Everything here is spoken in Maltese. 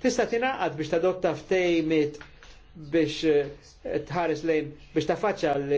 Tista' tingħaqad biex tadotta ftejmit biex eh, tħares lejn biex tafaċċa